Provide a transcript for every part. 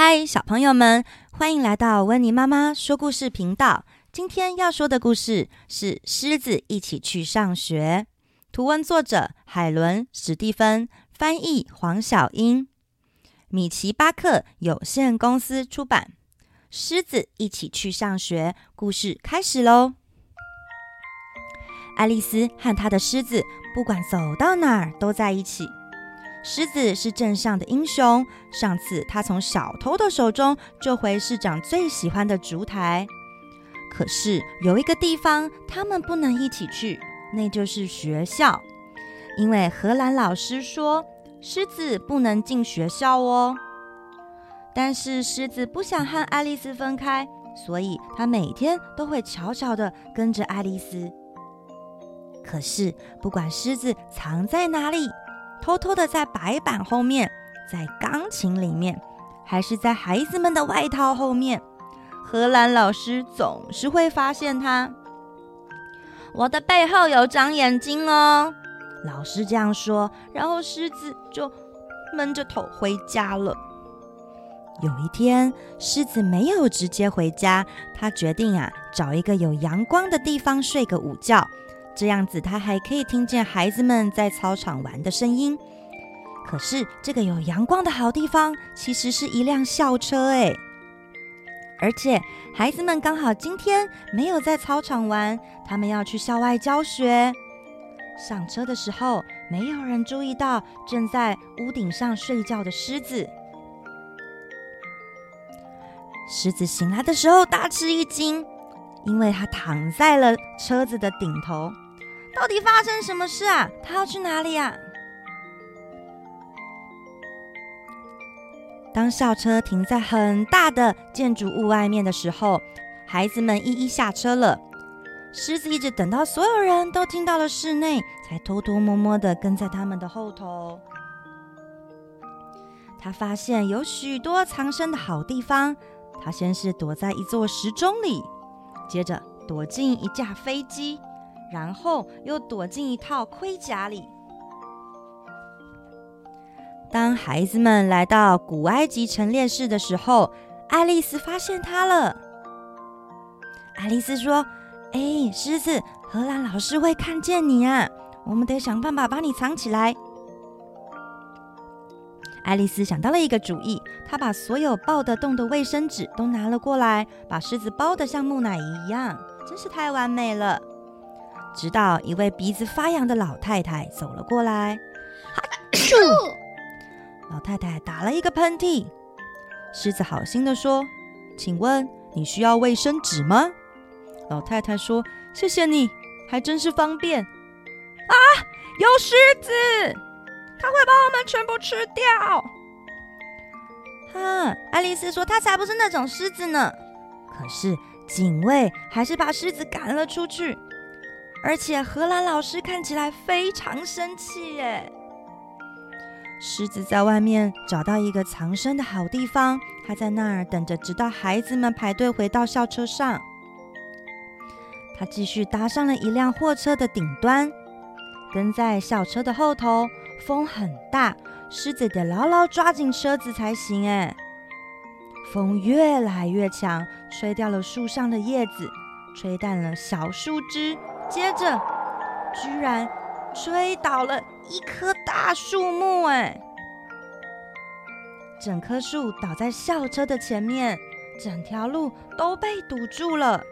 嗨，Hi, 小朋友們，歡迎來到溫妮媽媽說故事頻道。今天要說的故事是《獅子一起去上學》。圖文作者：海倫·史蒂芬，翻譯：黃筱茵，米奇巴克有限公司出版。《獅子一起去上學》故事開始嘍。愛麗絲和她的獅子，不管走到哪兒都在一起。獅子是鎮上的英雄。上次他從小偷的手中救回市長最喜歡的燭台。可是有一個地方他們不能一起去，那就是學校，因為荷蘭老師說獅子不能進學校哦。但是獅子不想和愛麗絲分開，所以他每天都會悄悄地跟着愛麗絲。可是不管獅子藏在哪裡，偷偷的在白板後面，在鋼琴裡面，還是在孩子們的外套後面，荷蘭老師總是會發現他。我的背後有長眼睛哦，老師這樣說，然後獅子就悶着頭回家了。有一天，獅子沒有直接回家，他決定啊，找一個有陽光的地方睡個午覺。這樣子，他還可以聽見孩子們在操場玩的聲音。可是，這個有陽光的好地方，其實是一輛校車誒。而且，孩子們剛好今天沒有在操場玩，他們要去校外教學。上車的時候，沒有人注意到正在屋頂上睡覺的獅子。獅子醒來的時候大吃一驚，因為它躺在了車子的頂頭。到底發生什麼事啊？他要去哪裡啊？當校車停在很大的建築物外面的時候，孩子們一一下車了。獅子一直等到所有人都進到了室內，才偷偷摸摸的跟在他們的後頭。他發現有許多藏身的好地方。他先是躲在一座時鐘裡，接着躲進一架飛機。然後又躲進一套盔甲裡。當孩子們來到古埃及陳列室的時候，愛麗絲發現他了。愛麗絲說：“哎，獅子，荷蘭老師會看見你啊！我們得想辦法把你藏起來。”愛麗絲想到了一個主意，她把所有抱得動的衛生紙都拿了過來，把獅子包得像木乃伊一樣，真是太完美了。直到一位鼻子發癢的老太太走了過來， 老太太打了一個噴嚏。獅子好心地說：“請問你需要衛生紙嗎？”老太太說：“謝謝你，還真是方便。”啊，有獅子，他會把我們全部吃掉。哼、啊，愛麗絲說：“他才不是那種獅子呢。”可是警衛還是把獅子趕了出去。而且荷蘭老師看起來非常生氣，哎。獅子在外面找到一個藏身的好地方，它在那兒等着，直到孩子們排隊回到校車上。他繼續搭上了一輛貨車的頂端，跟在校車的後頭。風很大，獅子得牢牢抓緊車子才行，誒。風越來越強，吹掉了樹上的葉子，吹斷了小樹枝。接着，居然吹倒了一棵大樹木，哎，整棵樹倒在校車的前面，整條路都被堵住了。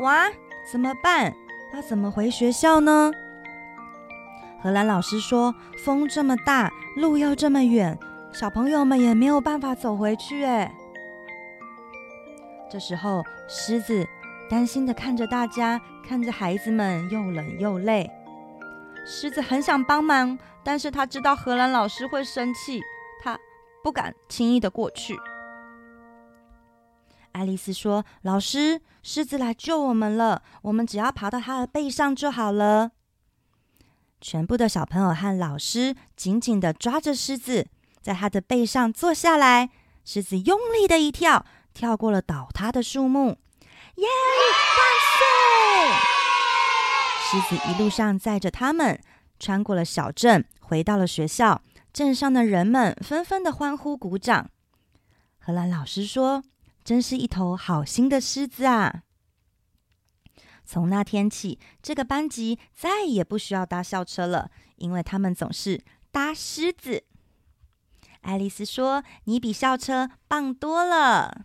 哇，怎麼辦？要怎麼回學校呢？荷蘭老師說：“風這麼大，路又這麼遠，小朋友們也沒有辦法走回去。”哎，這時候，獅子。擔心的看着大家，看着孩子們又冷又累。獅子很想幫忙，但是他知道荷蘭老師會生氣，他不敢輕易的過去。愛麗絲說：“老師，獅子來救我們了，我們只要爬到他的背上就好了。”全部的小朋友和老師緊緊的抓着獅子，在他的背上坐下來。獅子用力的一跳，跳過了倒塌的樹木。耶！萬歲！獅子一路上載着他們，穿過了小鎮，回到了學校。鎮上的人們紛紛的歡呼、鼓掌。荷蘭老師說：“真是一頭好心的獅子啊！”從那天起，這個班級再也不需要搭校車了，因為他們總是搭獅子。愛麗絲說：“你比校車棒多了。”